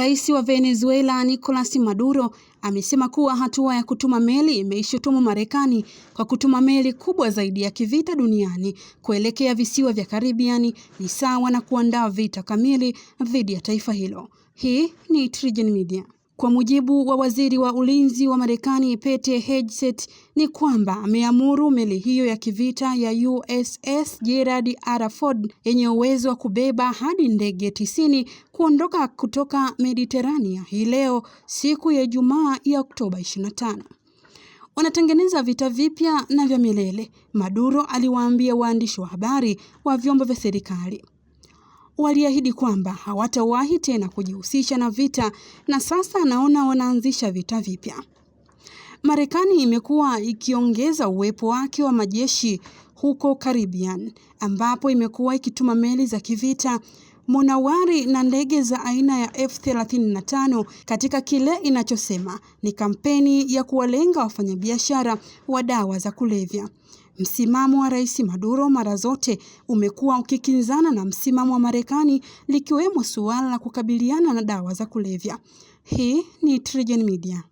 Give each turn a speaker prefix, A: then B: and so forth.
A: Rais wa Venezuela Nicolas Maduro amesema kuwa hatua ya kutuma meli imeishutumu Marekani kwa kutuma meli kubwa zaidi ya kivita duniani kuelekea visiwa vya Karibiani ni sawa na kuandaa vita kamili dhidi ya taifa hilo. Hii ni TriGen Media. Kwa mujibu wa waziri wa ulinzi wa Marekani Pete Hegseth ni kwamba ameamuru meli hiyo ya kivita ya USS Gerald R. Ford yenye uwezo wa kubeba hadi ndege tisini kuondoka kutoka Mediterania hii leo siku ya Ijumaa ya Oktoba 25. Wanatengeneza vita vipya na vya milele, Maduro aliwaambia waandishi wa habari wa vyombo vya serikali waliahidi kwamba hawatawahi tena kujihusisha na vita na sasa anaona wanaanzisha vita vipya. Marekani imekuwa ikiongeza uwepo wake wa majeshi huko Caribbean ambapo imekuwa ikituma meli za kivita Monawari na ndege za aina ya F35 katika kile inachosema ni kampeni ya kuwalenga wafanyabiashara wa dawa za kulevya. Msimamo wa Rais Maduro mara zote umekuwa ukikinzana na msimamo wa Marekani likiwemo suala la kukabiliana na dawa za kulevya. Hii ni TriGen Media.